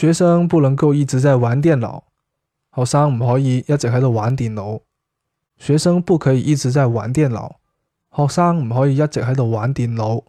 學生不能夠一直在玩電腦，學生唔可以一直喺度玩電腦。學生不可以一直在玩電腦，學生唔可以一直喺度玩電腦。